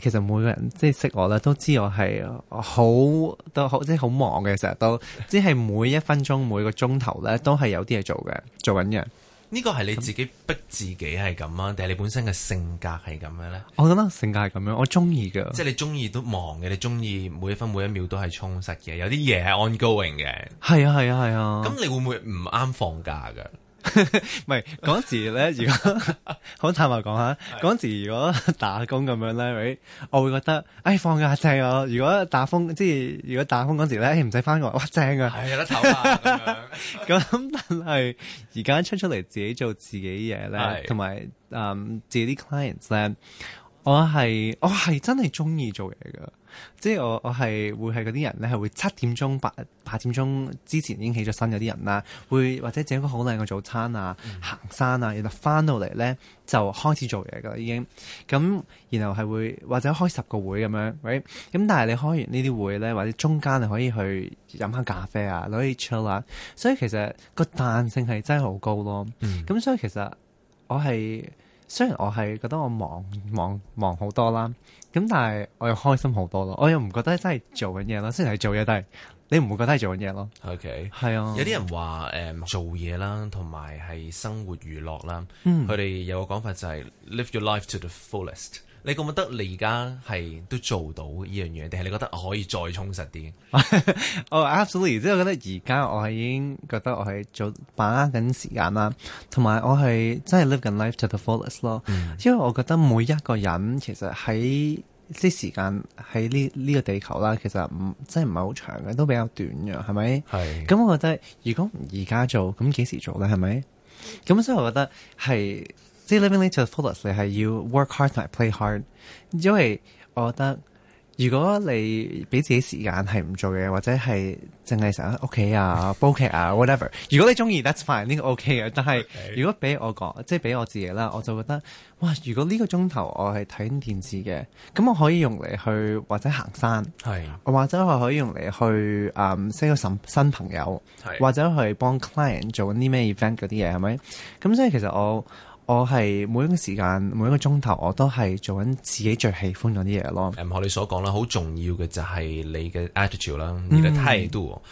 其實每個人即係識我咧，都知我係好都好，即係好忙嘅。成日都即係每一分鐘、每個鐘頭咧，都係有啲嘢做嘅，做緊嘢。呢個係你自己逼自己係咁啊，定係你本身嘅性格係咁樣咧？我覺得性格係咁樣，我中意嘅。即係你中意都忙嘅，你中意每一分每一秒都係充實嘅，有啲嘢係 ongoing 嘅。係啊，係啊，係啊。咁你會唔會唔啱放假噶？唔係嗰時咧，如果好 坦白講吓，嗰 時如果打工咁樣咧，right? 我會覺得，哎，放假正啊！如果打風，即係如果打風嗰時咧，唔使翻學，哇正啊！係有得唞啊！咁樣，咁但係而家出出嚟自己做自己嘢咧，同埋 嗯，自己啲 clients 咧，我係我係真係中意做嘢噶。即係我我係會係嗰啲人咧，係會七點鐘八八點鐘之前已經起咗身嗰啲人啦，啊，會或者整個個好靚嘅早餐啊，嗯、行山啊，然後翻到嚟咧就開始做嘢噶啦已經，咁然後係會或者開十個會咁樣，喂，咁但係你開完呢啲會咧，或者中間你可以去飲下咖啡啊，攞啲 chill 啊，所以其實個彈性係真係好高咯，咁、嗯、所以其實我係。雖然我係覺得我忙忙忙好多啦，咁但係我又開心好多咯，我又唔覺得真係做緊嘢啦，雖然係做嘢，但係你唔會覺得係做緊嘢咯。OK，係啊。有啲人話、誒、做嘢啦，同埋係生活娛樂啦，佢哋、嗯、有個講法就係、係、Live your life to the fullest。你覺唔覺得你而家係都做到呢樣嘢，定係你覺得可以再充實啲？我、 oh, absolutely，即係我覺得而家我係已經覺得我係做把握緊時間啦，同埋我係真係 live 緊 life to the fullest 咯。Mm. 因為我覺得每一個人其實喺啲時間喺呢呢個地球啦，其實唔真係唔係好長嘅，都比較短嘅，係咪？係咁是我覺得如果唔而家做，咁幾時做咧？係咪？咁所以我覺得係。即係 living to the fullest 你係要 work hard 同埋 play hard，因為我覺得如果你俾自己時間係唔做嘢，或者係淨係成日喺屋企啊、煲劇啊、whatever，如果你中意，that's fine，呢個 OK 嘅。但係如果俾我講，即係俾我自己啦，我就覺得哇，如果呢個鐘頭我係睇電視嘅，咁我可以用嚟去或者行山，是的 或者我可以用嚟去誒識個新新朋友，是的 或者去幫 client 做啲咩 event 嗰啲嘢係咪？咁所以其實我。我係每一個時間，每一個鐘頭，我都係做緊自己最喜歡嗰啲嘢咯。誒，唔學你所講啦，好重要嘅就係你嘅 attitude 啦，你嘅態度。嗯、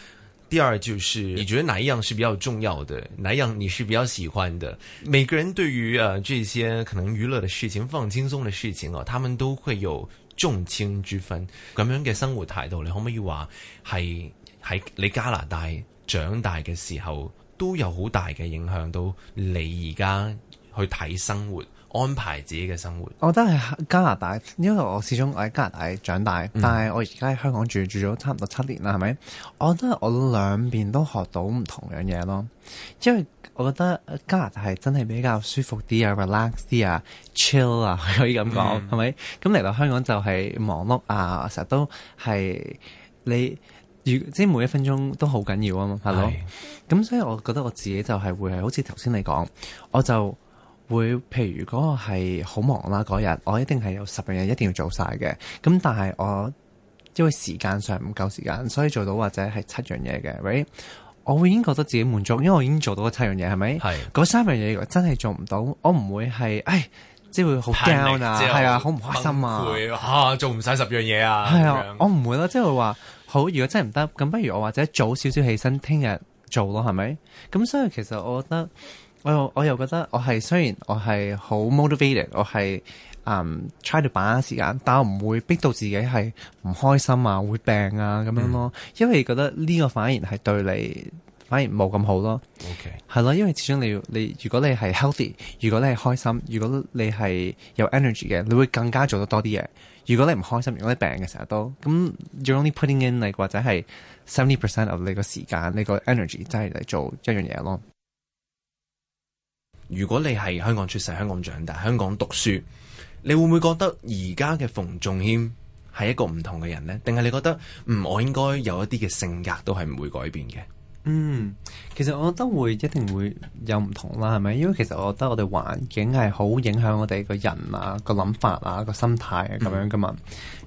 第二就是你覺得哪一樣是比較重要嘅，哪一樣你是比較喜歡嘅？每個人對於誒、啊、這些可能娛樂嘅事情、放輕鬆嘅事情哦、啊，他們都會有重輕之分。咁樣嘅生活態度，你可唔可以話係喺你加拿大長大嘅時候都有好大嘅影響到你而家？去睇生活，安排自己嘅生活。我覺得係加拿大，因為我始終我喺加拿大長大，嗯、但係我而家喺香港住住咗差唔多七年啦，係咪？我覺得我兩邊都學到唔同樣嘢咯。因為我覺得加拿大係真係比較舒服啲啊，relax 啲啊，chill 啊，可以咁講係咪？咁嚟、嗯、到香港就係忙碌啊，成日都係你，即係每一分鐘都好緊要啊嘛，係咪？咁是所以我覺得我自己就係會係好似頭先你講，我就。會譬如如果係好忙啦、啊，嗰日我一定係有十樣嘢一定要做晒嘅。咁但係我因為時間上唔夠時間，所以做到或者係七樣嘢嘅。喂、right?，我會已經覺得自己滿足，因為我已經做到七樣嘢，係咪？嗰是三樣嘢真係做唔到，我唔會係，哎，就是、即係會好驚啊，係後啊，好唔開心啊，會、啊、做唔晒十樣嘢啊，係啊，樣我唔會咯、啊，即係話好，如果真係唔得，咁不如我或者早少少起身，聽日做咯，係咪？咁所以其實我覺得。我又我又覺得我係雖然我係好 motivated，我係嗯、um, try 到把握時間，但我唔會逼到自己係唔開心啊，會病啊咁樣咯。Mm. 因為覺得呢個反而係對你反而冇咁好咯。OK，係咯，因為始終你你如果你係 healthy，如果你係開心，如果你係有 energy 嘅，你會更加做得多啲嘢。如果你唔開心，如果你病嘅成日都咁，you're only putting in 你或者係 seventy percent of 你個時間、你個 energy 真係嚟做一樣嘢咯。如果你係香港出世、香港長大、香港讀書，你會唔會覺得而家嘅馮仲謙係一個唔同嘅人呢？定係你覺得嗯，我應該有一啲嘅性格都係唔會改變嘅？嗯，其實我覺得會一定會有唔同啦，係咪？因為其實我覺得我哋環境係好影響我哋個人啊、個諗法啊、個心態咁樣噶嘛。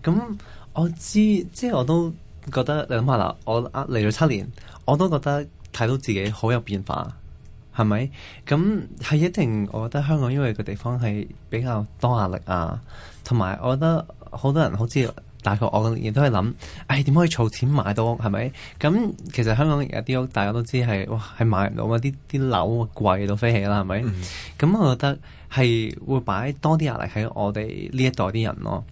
咁、嗯、我知，即係我都覺得你諗下啦，我啊嚟咗七年，我都覺得睇到自己好有變化。係咪？咁係一定，我覺得香港因為個地方係比較多壓力啊，同埋我覺得好多人好似大概我亦都係諗，唉、哎，點可以儲錢買到屋？係咪？咁其實香港有啲屋，大家都知係哇係買唔到啊！啲啲樓貴到飛起啦，係咪？咁、mm hmm. 我覺得係會擺多啲壓力喺我哋呢一代啲人咯。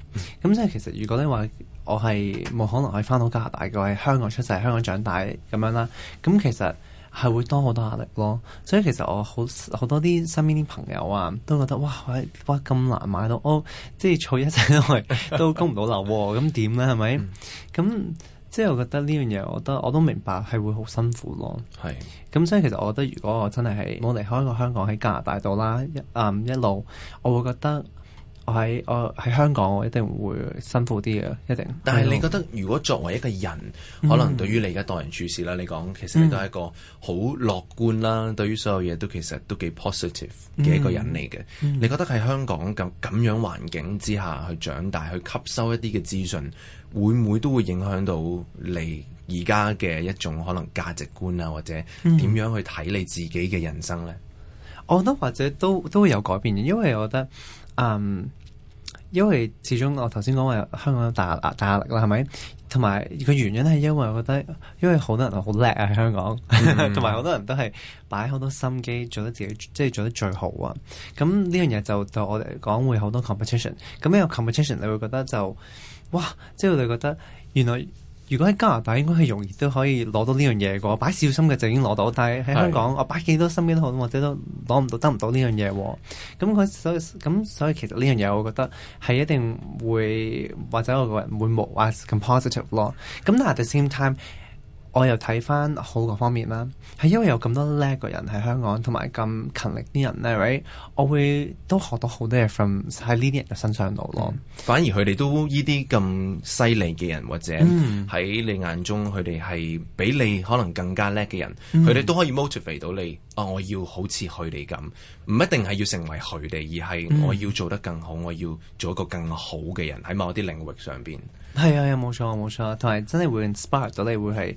咁即係其實，如果你話我係冇可能可以返翻到加拿大嘅，喺香港出世、香港長大咁樣啦。咁其實。係會多好多壓力咯，所以其實我好好多啲身邊啲朋友啊，都覺得哇哇咁難買到屋，即係儲一齊，因為都供唔到樓，咁點咧？係咪？咁、嗯、即係我覺得呢樣嘢，我覺得我都明白係會好辛苦咯。係是，咁所以其實我覺得如果我真係係冇離開過香港，喺加拿大度啦，一、嗯、一路我會覺得。我喺我喺香港，我一定會辛苦啲嘅，一定。但係你覺得，如果作為一個人，mm hmm. 可能對於你而家待人處事啦，你講，其實你都係一個好樂觀啦，mm hmm. 對於所有嘢都其實都幾 positive 嘅一個人嚟嘅。Mm hmm. 你覺得喺香港咁咁樣環境之下，去長大，去吸收一啲嘅資訊，會唔會都會影響到你而家嘅一種可能價值觀啊，或者點樣去睇你自己嘅人生呢？我覺得，或者都都會有改變嘅，因為我覺得，嗯、um。因為始終我頭先講話香港有大壓大壓力啦，係咪？同埋個原因係因為我覺得，因為好多人好叻啊，喺香港，同埋好多人都係擺好多心機，做得自己即係、就是、做得最好啊。咁呢樣嘢就對我哋嚟講會好多 competition。咁呢個 competition，你會覺得就哇，即係我哋覺得原來。如果喺加拿大應該係容易都可以攞到呢樣嘢嘅，擺小心嘅就已經攞到，但係喺香港的我擺幾多心機都好，或者都攞唔到得唔到呢樣嘢喎。咁佢，所以咁所以其實呢樣嘢我覺得係一定會或者我個人會冇話 compositive 囉。咯。咁但係 the same time。我又睇翻好個方面啦，係因為有咁多叻嘅人喺香港，同埋咁勤力啲人，呢、right？我會都學到好多嘢 from 喺呢啲人嘅身上度咯、嗯。反而佢哋都依啲咁犀利嘅人，或者喺你眼中佢哋係比你可能更加叻嘅人，佢哋、嗯、都可以 motivate 到你。啊、哦、我要好似佢哋咁，唔一定係要成為佢哋，而係我要做得更好，我要做一個更好嘅人喺某啲領域上面。係啊，冇錯冇錯，同埋真係會 inspire 到你，會係。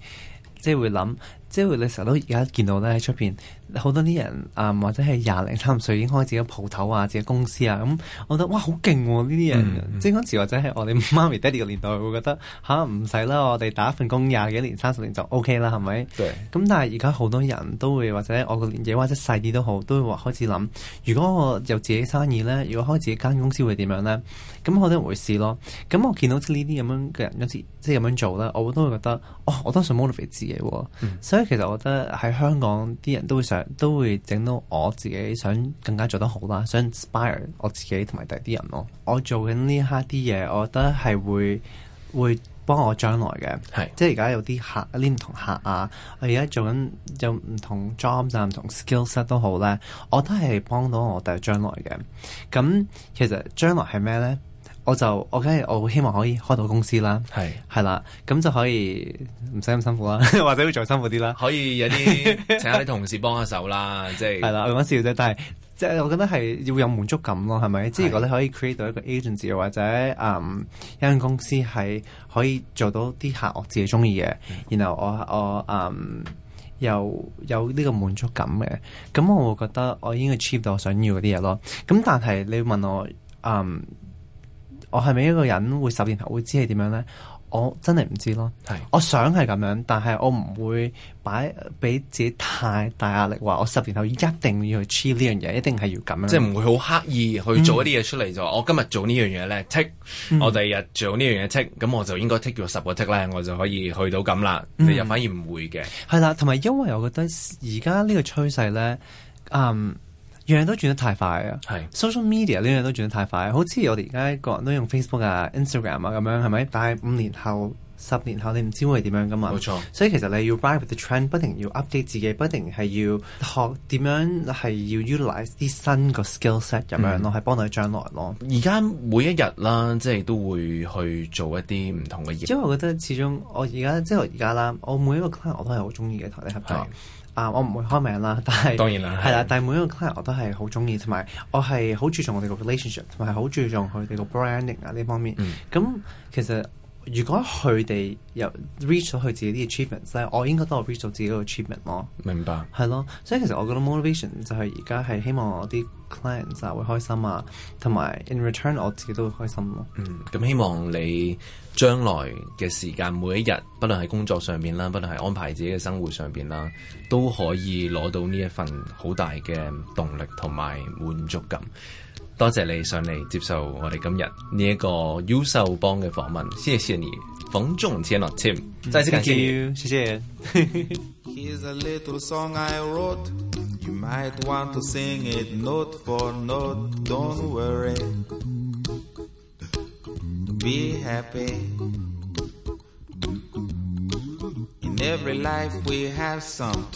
即係會諗，即係會，你成日都而家見到咧喺出邊。好多啲人啊、嗯，或者係廿零三歲已經開自己鋪頭啊，自己公司、嗯、我啊，咁我覺得哇好勁喎！呢啲人，mm hmm. 即嗰陣時或者係我哋媽咪爹哋嘅年代，會覺得吓，唔使啦，我哋打一份工廿幾年三十年就 O K 啦，係咪？咁對但係而家好多人都會或者我個年紀或者細啲都好，都會開始諗，如果我有自己生意咧，如果開自己間公司會點樣咧？咁我都會試咯。咁我見到呢啲咁樣嘅人，即係即係咁樣做呢，我都會覺得哦，我都想 motivate 自己喎、啊。Mm hmm. 所以其實我覺得喺香港啲人都會想。都會整到我自己想更加做得好啦，想 inspire 我自己同埋第啲人咯。我做緊呢一刻啲嘢，我覺得係會會幫我將來嘅。係是即係而家有啲客，啲唔同客啊。我而家做緊有唔同 job，甚至唔同 skill set 都好咧，我都係幫到我第將來嘅。咁其實將來係咩咧？我就我梗係我希望可以開到公司啦，係係是啦，咁就可以唔使咁辛苦啦， 或者會再辛苦啲啦，可以有啲 請下啲同事幫下手啦，即係係啦，講笑啫，但係即係我覺得係要有滿足感咯，係咪？是即係如果你可以 create 到一個 agency 或者嗯、um, 一間公司係可以做到啲客我自己中意嘅，嗯、然後我我嗯又、um, 有呢個滿足感嘅，咁我會覺得我已經 achieve 到我想要嗰啲嘢咯。咁但係你問我嗯？Um, 我係咪一個人會十年後會知係點樣咧？我真係唔知咯。係，我想係咁樣，但係我唔會擺俾自己太大壓力，話我十年後一定要去 achieve 呢樣嘢，一定係要咁樣，即係唔會好刻意去做一啲嘢出嚟就、嗯、我今做 tick、嗯、我日做呢樣嘢咧，tick，我第二日做呢樣嘢 tick，咁我就應該 tick 咗十個 tick 咧，我就可以去到咁啦。你又、嗯、反而唔會嘅，係啦。同埋因為我覺得而家呢個趨勢咧，嗯、um,。樣都轉得太快啊！係是 Social Media 呢樣都轉得太快，好似我哋而家個人都用 Facebook 啊、Instagram 啊咁樣，係咪？但係五年後、十年後，你唔知會點樣噶嘛？冇錯。所以其實你要 ride with the trend，不停要 update 自己，不停係要學點樣係要 utilize 啲新個 skillset 咁樣咯，係、嗯、幫到你將來咯。而家每一日啦，即係都會去做一啲唔同嘅嘢，因為我覺得始終我而家即係我而家啦，我每一個 c l a n 我都係好中意嘅合啊、嗯！我唔會開名啦，但係當然啦，係啦，但係每一個 client 我都係好中意，同埋我係好注重我哋個 relationship，同埋好注重佢哋個 branding 啊呢方面。咁、嗯、其實。如果佢哋又 reach 咗佢自己啲 achievements，即係我應該都 reach 咗自己個 achievement 咯。明白。係咯，所以其實我覺得 motivation 就係而家係希望我啲 clients 就係會開心啊，同埋 in return 我自己都會開心咯。嗯，咁希望你將來嘅時間每一日，不論喺工作上面啦，不論係安排自己嘅生活上面啦，都可以攞到呢一份好大嘅動力同埋滿足感。多謝你上嚟接受我哋今日呢一個優秀幫嘅訪問，多謝你，馮鐘憲樂 team，再次感謝你，謝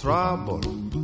謝。